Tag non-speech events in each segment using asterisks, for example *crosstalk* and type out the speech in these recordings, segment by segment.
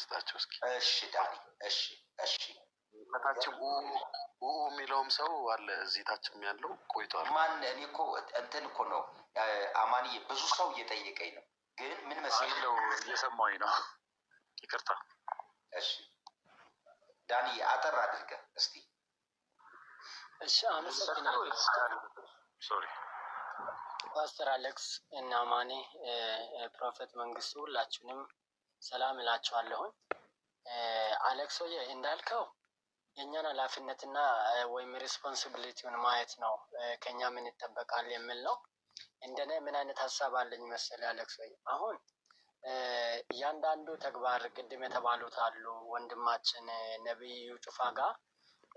ልስጣቸው እስኪ። እሺ ዳኒ፣ እሺ፣ እሺ። ከታችም የሚለውም ሰው አለ እዚህ ታችም ያለው ቆይቷል። ማን እኔ እኮ እንትን እኮ ነው አማንዬ፣ ብዙ ሰው እየጠየቀኝ ነው፣ ግን ምን መስለው እየሰማኝ ነው። ይቅርታ። እሺ ዳኒ፣ አጠር አድርገ እስቲ። እሺ፣ አመሰግናለሁ ሶሪ ፓስተር አሌክስ እና ማኔ ፕሮፌት መንግስቱ ሁላችሁንም ሰላም እላችኋለሁኝ። አሌክሶዬ እንዳልከው የእኛን ኃላፊነትና ወይም ሪስፖንሲቢሊቲውን ማየት ነው ከኛ ምን ይጠበቃል የሚል ነው። እንደነ ምን አይነት ሀሳብ አለኝ መሰለህ አሌክሶዬ፣ አሁን እያንዳንዱ ተግባር ቅድም የተባሉት አሉ ወንድማችን ነቢዩ ጩፋ ጋር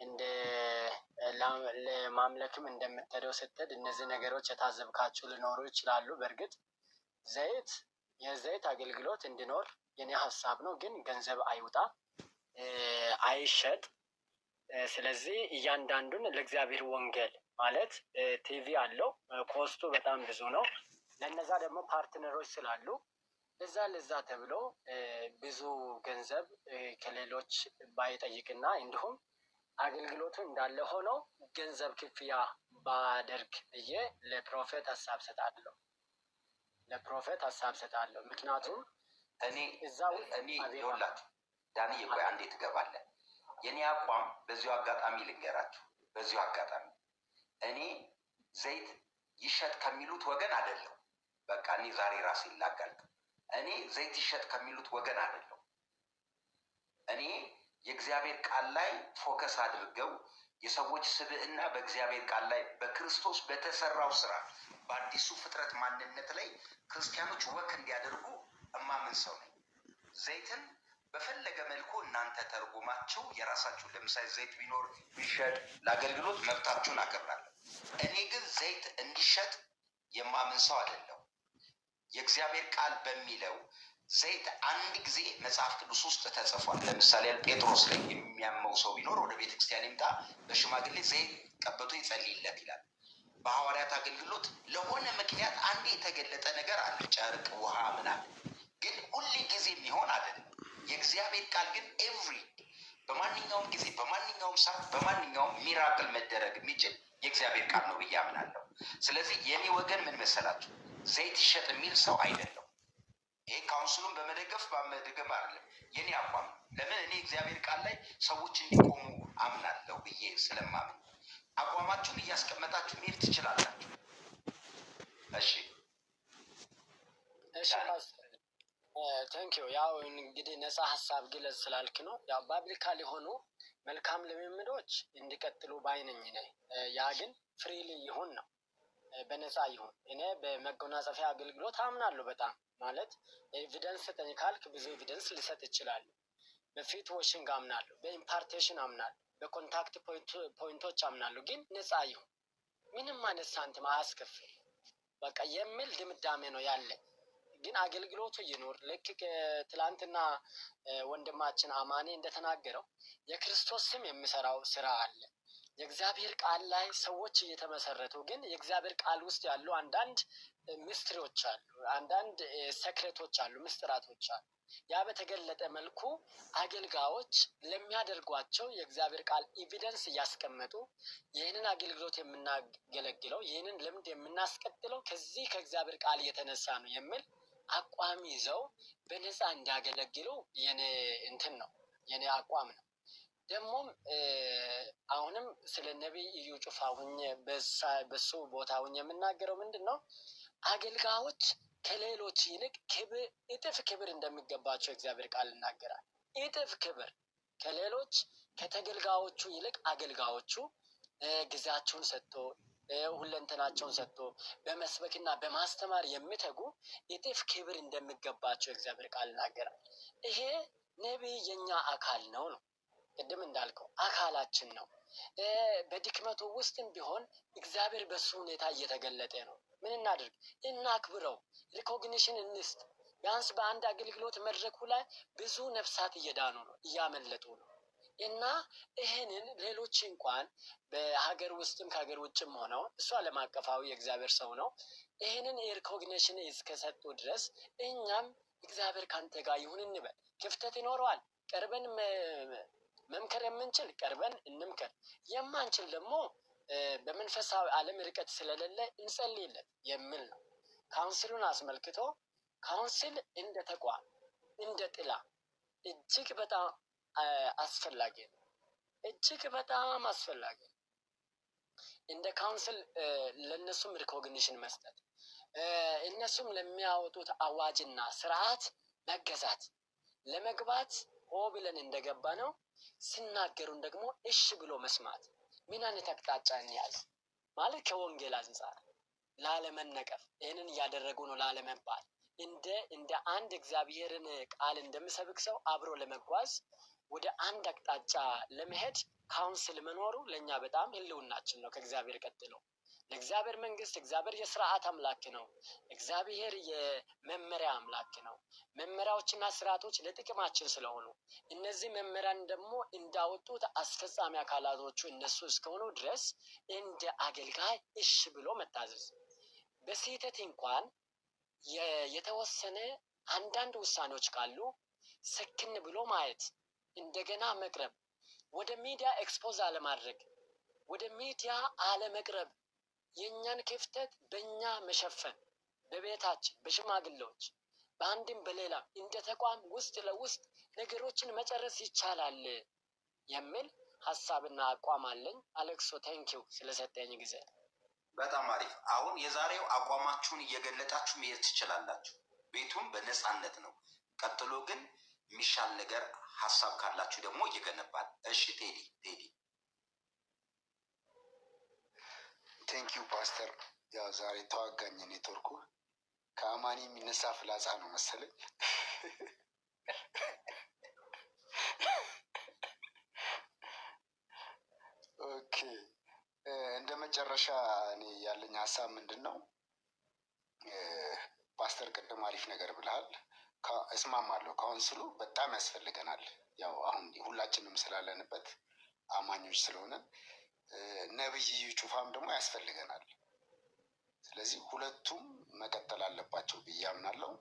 እንደ ለማምለክም እንደምትሄደው ስትሄድ እነዚህ ነገሮች የታዘብካችሁ ሊኖሩ ይችላሉ። በእርግጥ ዘይት የዘይት አገልግሎት እንዲኖር የኔ ሀሳብ ነው። ግን ገንዘብ አይውጣ፣ አይሸጥ። ስለዚህ እያንዳንዱን ለእግዚአብሔር ወንጌል ማለት ቲቪ አለው ኮስቱ በጣም ብዙ ነው። ለነዛ ደግሞ ፓርትነሮች ስላሉ ለዛ ለዛ ተብሎ ብዙ ገንዘብ ከሌሎች ባይጠይቅና እንዲሁም አገልግሎቱ እንዳለ ሆኖ ገንዘብ ክፍያ ባደርግ ብዬ ለፕሮፌት ሀሳብ ሰጣለሁ። ለፕሮፌት ሀሳብ ሰጣለሁ። ምክንያቱም እኔ እዛው እኔ ይውላት ዳንዬ፣ ቆይ አንዴ ትገባለህ። የኔ አቋም በዚሁ አጋጣሚ ልንገራችሁ፣ በዚሁ አጋጣሚ እኔ ዘይት ይሸጥ ከሚሉት ወገን አይደለሁም። በቃ እኔ ዛሬ ራሴ ላጋልጥ። እኔ ዘይት ይሸጥ ከሚሉት ወገን አይደለሁም። እኔ የእግዚአብሔር ቃል ላይ ፎከስ አድርገው የሰዎች ስብዕና በእግዚአብሔር ቃል ላይ በክርስቶስ በተሰራው ስራ በአዲሱ ፍጥረት ማንነት ላይ ክርስቲያኖች ወክ እንዲያደርጉ እማምን ሰው ነኝ። ዘይትን በፈለገ መልኩ እናንተ ተርጉማችሁ የራሳችሁ ለምሳሌ ዘይት ቢኖር ቢሸጥ ለአገልግሎት መብታችሁን አከብራለሁ። እኔ ግን ዘይት እንዲሸጥ የማምን ሰው አይደለሁም። የእግዚአብሔር ቃል በሚለው ዘይት አንድ ጊዜ መጽሐፍ ቅዱስ ውስጥ ተጽፏል። ለምሳሌ ጴጥሮስ ላይ የሚያመው ሰው ቢኖር ወደ ቤተ ክርስቲያን ይምጣ፣ በሽማግሌ ዘይት ቀብቶ ይጸልይለት ይላል። በሐዋርያት አገልግሎት ለሆነ ምክንያት አንድ የተገለጠ ነገር አለ፣ ጨርቅ፣ ውሃ ምናምን፣ ግን ሁል ጊዜ የሚሆን አይደለም። የእግዚአብሔር ቃል ግን ኤቭሪ በማንኛውም ጊዜ በማንኛውም ሰዓት በማንኛውም ሚራክል መደረግ የሚችል የእግዚአብሔር ቃል ነው ብዬ አምናለሁ። ስለዚህ የኔ ወገን ምን መሰላችሁ፣ ዘይት ይሸጥ የሚል ሰው አይደለም። ይሄ ካውንስሉን በመደገፍ በመደገፍ አይደለም የኔ አቋም። ለምን እኔ እግዚአብሔር ቃል ላይ ሰዎች እንዲቆሙ አምናለሁ ብዬ ስለማምን አቋማችሁን እያስቀመጣችሁ መሄድ ትችላላችሁ። እሺ እሺ፣ ያው እንግዲህ ነፃ ሀሳብ ግለጽ ስላልክ ነው። ያው ባብሊካል የሆኑ መልካም ልምምዶች እንዲቀጥሉ ባይነኝ ነ ያ ግን ፍሪሊ ይሁን ነው በነፃ ይሁን። እኔ በመጎናጸፊያ አገልግሎት አምናለሁ። በጣም ማለት ኤቪደንስ ስጠኝ ካልክ ብዙ ኤቪደንስ ልሰጥ እችላለሁ። በፊት ወሽንግ አምናለሁ፣ በኢምፓርቴሽን አምናለሁ፣ በኮንታክት ፖይንቶች አምናለሁ። ግን ነፃ ይሁን፣ ምንም አይነት ሳንቲም አያስከፍል በቃ የሚል ድምዳሜ ነው ያለ ግን አገልግሎቱ ይኑር። ልክ ትላንትና ወንድማችን አማኔ እንደተናገረው የክርስቶስ ስም የሚሰራው ስራ አለ። የእግዚአብሔር ቃል ላይ ሰዎች እየተመሰረቱ ግን የእግዚአብሔር ቃል ውስጥ ያሉ አንዳንድ ምስጢሮች አሉ፣ አንዳንድ ሰክሬቶች አሉ፣ ምስጢራቶች አሉ። ያ በተገለጠ መልኩ አገልጋዮች ለሚያደርጓቸው የእግዚአብሔር ቃል ኤቪደንስ እያስቀመጡ ይህንን አገልግሎት የምናገለግለው ይህንን ልምድ የምናስቀጥለው ከዚህ ከእግዚአብሔር ቃል እየተነሳ ነው የሚል አቋም ይዘው በነፃ እንዲያገለግሉ የኔ እንትን ነው የኔ አቋም ነው። ደግሞም አሁንም ስለ ነቢይ እዩ ጩፋ ሁኜ በሱ ቦታ ሁኜ የምናገረው ምንድን ነው? አገልጋዮች ከሌሎች ይልቅ ክብር እጥፍ ክብር እንደሚገባቸው እግዚአብሔር ቃል ይናገራል። እጥፍ ክብር ከሌሎች ከተገልጋዮቹ ይልቅ አገልጋዮቹ ጊዜያቸውን ሰጥቶ ሁለንተናቸውን ሰጥቶ በመስበክና በማስተማር የሚተጉ እጥፍ ክብር እንደሚገባቸው እግዚአብሔር ቃል ይናገራል። ይሄ ነቢይ የኛ አካል ነው ነው ቅድም እንዳልከው አካላችን ነው። በድክመቱ ውስጥም ቢሆን እግዚአብሔር በሱ ሁኔታ እየተገለጠ ነው። ምን እናድርግ? እናክብረው፣ ሪኮግኒሽን እንስጥ። ቢያንስ በአንድ አገልግሎት መድረኩ ላይ ብዙ ነፍሳት እየዳኑ ነው፣ እያመለጡ ነው። እና ይህንን ሌሎች እንኳን በሀገር ውስጥም ከሀገር ውጭም ሆነው እሱ ዓለም አቀፋዊ የእግዚአብሔር ሰው ነው። ይህንን የሪኮግኔሽን እስከሰጡ ድረስ እኛም እግዚአብሔር ካንተ ጋር ይሁን እንበል። ክፍተት ይኖረዋል። ቀርበን መምከር የምንችል ቀርበን እንምከር፣ የማንችል ደግሞ በመንፈሳዊ ዓለም ርቀት ስለሌለ እንጸልይለት የሚል ነው። ካውንስሉን አስመልክቶ ካውንስል እንደ ተቋም እንደ ጥላ እጅግ በጣም አስፈላጊ ነው። እጅግ በጣም አስፈላጊ ነው። እንደ ካውንስል ለእነሱም ሪኮግኒሽን መስጠት፣ እነሱም ለሚያወጡት አዋጅና ስርዓት መገዛት ለመግባት ሆ ብለን እንደገባ ነው ሲናገሩን ደግሞ እሺ ብሎ መስማት ምን አይነት አቅጣጫ እንያዝ ማለት ከወንጌል አንጻር ላለመነቀፍ ይህንን እያደረጉ ነው ላለመባል እንደ እንደ አንድ እግዚአብሔርን ቃል እንደምሰብክ ሰው አብሮ ለመጓዝ ወደ አንድ አቅጣጫ ለመሄድ ካውንስል መኖሩ ለእኛ በጣም ህልውናችን ነው ከእግዚአብሔር ቀጥሎ የእግዚአብሔር መንግስት እግዚአብሔር የስርዓት አምላክ ነው። እግዚአብሔር የመመሪያ አምላክ ነው። መመሪያዎችና ስርዓቶች ለጥቅማችን ስለሆኑ እነዚህ መመሪያን ደግሞ እንዳወጡት አስፈጻሚ አካላቶቹ እነሱ እስከሆኑ ድረስ እንደ አገልጋይ እሽ ብሎ መታዘዝ። በስህተት እንኳን የተወሰነ አንዳንድ ውሳኔዎች ካሉ ሰክን ብሎ ማየት፣ እንደገና መቅረብ፣ ወደ ሚዲያ ኤክስፖዝ አለማድረግ፣ ወደ ሚዲያ አለመቅረብ የእኛን ክፍተት በእኛ መሸፈን በቤታችን በሽማግሌዎች በአንድም በሌላም እንደ ተቋም ውስጥ ለውስጥ ነገሮችን መጨረስ ይቻላል የሚል ሀሳብና አቋም አለኝ። አሌክሶ ቴንኪው ስለሰጠኝ ጊዜ። በጣም አሪፍ። አሁን የዛሬው አቋማችሁን እየገለጣችሁ መሄድ ትችላላችሁ። ቤቱም በነፃነት ነው። ቀጥሎ ግን የሚሻል ነገር ሀሳብ ካላችሁ ደግሞ እየገነባል። እሺ ቴዲ ቴዲ ቴንኪው ፓስተር። ያው ዛሬ ተዋጋኝ ኔትወርኩ ከአማኒ የሚነሳ ፍላጻ ነው መሰለኝ። ኦኬ እንደ መጨረሻ እኔ ያለኝ ሀሳብ ምንድን ነው? ፓስተር ቅድም አሪፍ ነገር ብለሃል፣ እስማማለሁ። ካውንስሉ በጣም ያስፈልገናል። ያው አሁን ሁላችንም ስላለንበት አማኞች ስለሆነ ነብይ ጩፋም ደግሞ ያስፈልገናል። ስለዚህ ሁለቱም መቀጠል አለባቸው ብዬ አምናለሁ።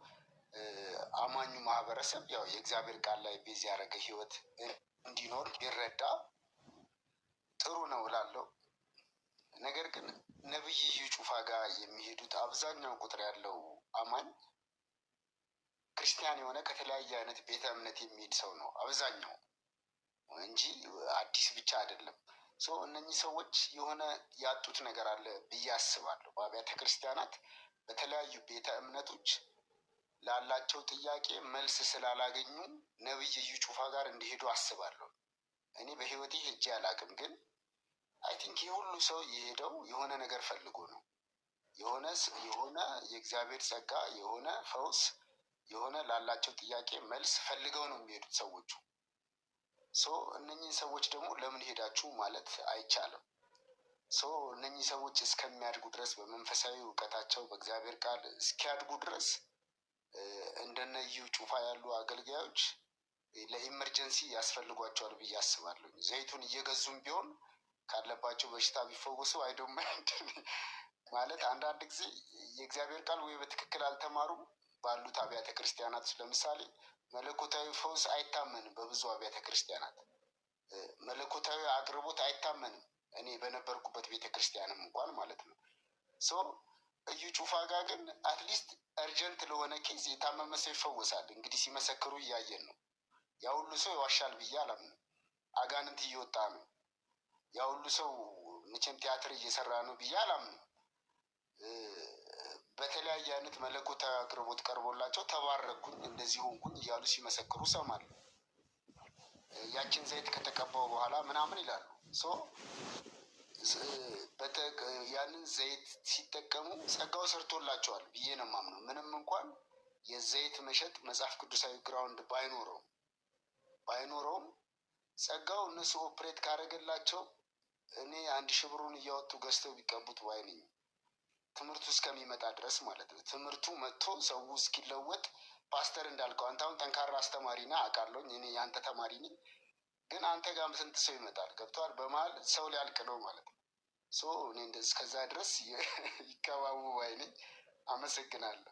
አማኙ ማህበረሰብ ያው የእግዚአብሔር ቃል ላይ ቤዝ ያደረገ ህይወት እንዲኖር ቢረዳ ጥሩ ነው እላለሁ። ነገር ግን ነብይ ጩፋ ጋር የሚሄዱት አብዛኛው ቁጥር ያለው አማኝ ክርስቲያን የሆነ ከተለያየ አይነት ቤተ እምነት የሚሄድ ሰው ነው አብዛኛው እንጂ አዲስ ብቻ አይደለም። ሰው እነኚህ ሰዎች የሆነ ያጡት ነገር አለ ብዬ አስባለሁ። በአብያተ ክርስቲያናት በተለያዩ ቤተ እምነቶች ላላቸው ጥያቄ መልስ ስላላገኙ ነብይ እዩ ጩፋ ጋር እንዲሄዱ አስባለሁ። እኔ በህይወቴ ሄጄ አላውቅም፣ ግን አይ ቲንክ ይህ ሁሉ ሰው የሄደው የሆነ ነገር ፈልጎ ነው። የሆነ የሆነ የእግዚአብሔር ጸጋ፣ የሆነ ፈውስ፣ የሆነ ላላቸው ጥያቄ መልስ ፈልገው ነው የሚሄዱት ሰዎቹ ሶ ሰዎች ደግሞ ለምን ሄዳችሁ ማለት አይቻልም። ሶ እነኚህ ሰዎች እስከሚያድጉ ድረስ በመንፈሳዊ እውቀታቸው በእግዚአብሔር ቃል እስኪያድጉ ድረስ እንደነ ጩፋ ያሉ አገልጋዮች ለኢመርጀንሲ ያስፈልጓቸዋል ብዬ አስባለሁ። ዘይቱን እየገዙም ቢሆን ካለባቸው በሽታ ቢፈወሱ አይዶማንድ ማለት አንዳንድ ጊዜ የእግዚአብሔር ቃል ወይ በትክክል አልተማሩም ባሉት አብያተ ክርስቲያናት ለምሳሌ መለኮታዊ ፈውስ አይታመንም። በብዙ አብያተ ክርስቲያናት መለኮታዊ አቅርቦት አይታመንም። እኔ በነበርኩበት ቤተ ክርስቲያንም እንኳን ማለት ነው። ሶ እዩ ጩፋ ጋር ግን አትሊስት እርጀንት ለሆነ ኬዝ የታመመ ሰው ይፈወሳል። እንግዲህ ሲመሰክሩ እያየን ነው። ያ ሁሉ ሰው ይዋሻል ብዬ አላምንም። አጋንንት እየወጣ ነው። ያ ሁሉ ሰው መቼም ቲያትር እየሰራ ነው ብዬ አላምንም። በተለያየ አይነት መለኮታዊ አቅርቦት ቀርቦላቸው ተባረኩኝ፣ እንደዚህ ሆንኩኝ እያሉ ሲመሰክሩ ሰማል። ያችን ዘይት ከተቀባው በኋላ ምናምን ይላሉ። ያንን ዘይት ሲጠቀሙ ጸጋው ሰርቶላቸዋል ብዬ ነው የማምነው። ምንም እንኳን የዘይት መሸጥ መጽሐፍ ቅዱሳዊ ግራውንድ ባይኖረውም ባይኖረውም ጸጋው እነሱ ኦፕሬት ካደረገላቸው እኔ አንድ ሽብሩን እያወጡ ገዝተው ቢቀቡት ባይነኝ ነኝ። ትምህርቱ እስከሚመጣ ድረስ ማለት ነው። ትምህርቱ መጥቶ ሰው እስኪለወጥ ፓስተር እንዳልከው አንተ አሁን ጠንካራ አስተማሪ ነህ አውቃለሁኝ። እኔ የአንተ ተማሪ ነኝ። ግን አንተ ጋርም ስንት ሰው ይመጣል ገብተዋል። በመሀል ሰው ሊያልቅ ነው ማለት ነው። እኔ እስከዛ ድረስ *laughs* ይከባቡ ባይነኝ። አመሰግናለሁ።